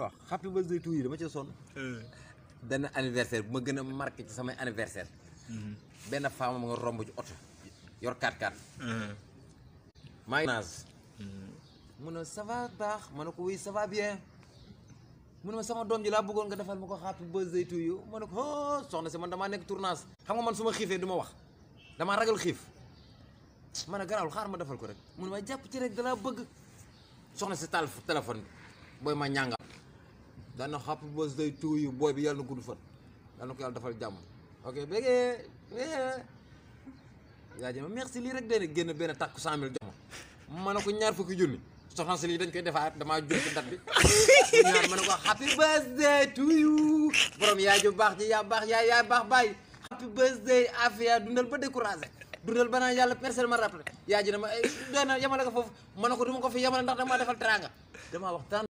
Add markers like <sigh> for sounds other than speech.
wax happy birthday to you dama ci sonn euh. benn anniversaire bu ma gën marqué ci samay anniversaire mhm. benn femme ma nga romb ci oto yor 4 4 euh. maa ngi nage mhm. ça va baax ma oui ça va bien mu sama doom ji laa bëggoon nga defal ma ko happy birthday to you ma ne ko oh soxna si man damaa nekk tournage xam nga man su ma xiifee du ma wax damaa ragal xiif ma ne xaar ma defal ko rek mu ne ma jàpp ci rek dalaa bëgg soxna si taal téléphone bi ma ñàngal dana xapp bës day tuuyu booy bi yàlla na gudd fan yàlla na ko yàlla defal jàmm ok bége yaa jëma merci lii rek dana génn benn takk cent mille jox ma ma ko ñaar fukki junni soxna dañ koy defaat damaa jur ci <laughs> ma ne ko happy birthday to you borom yaay ju baax ji yaa baax yaay yaa baax bàyyi happy birthday afia dundal ba découragé dundal ba naan yàlla persel ma rappelé yaa ji ne ma eh, doy na yamale ko foofu ma ne ko du ma ko fi yamale ndax damaa defal teranga damaa waxtaan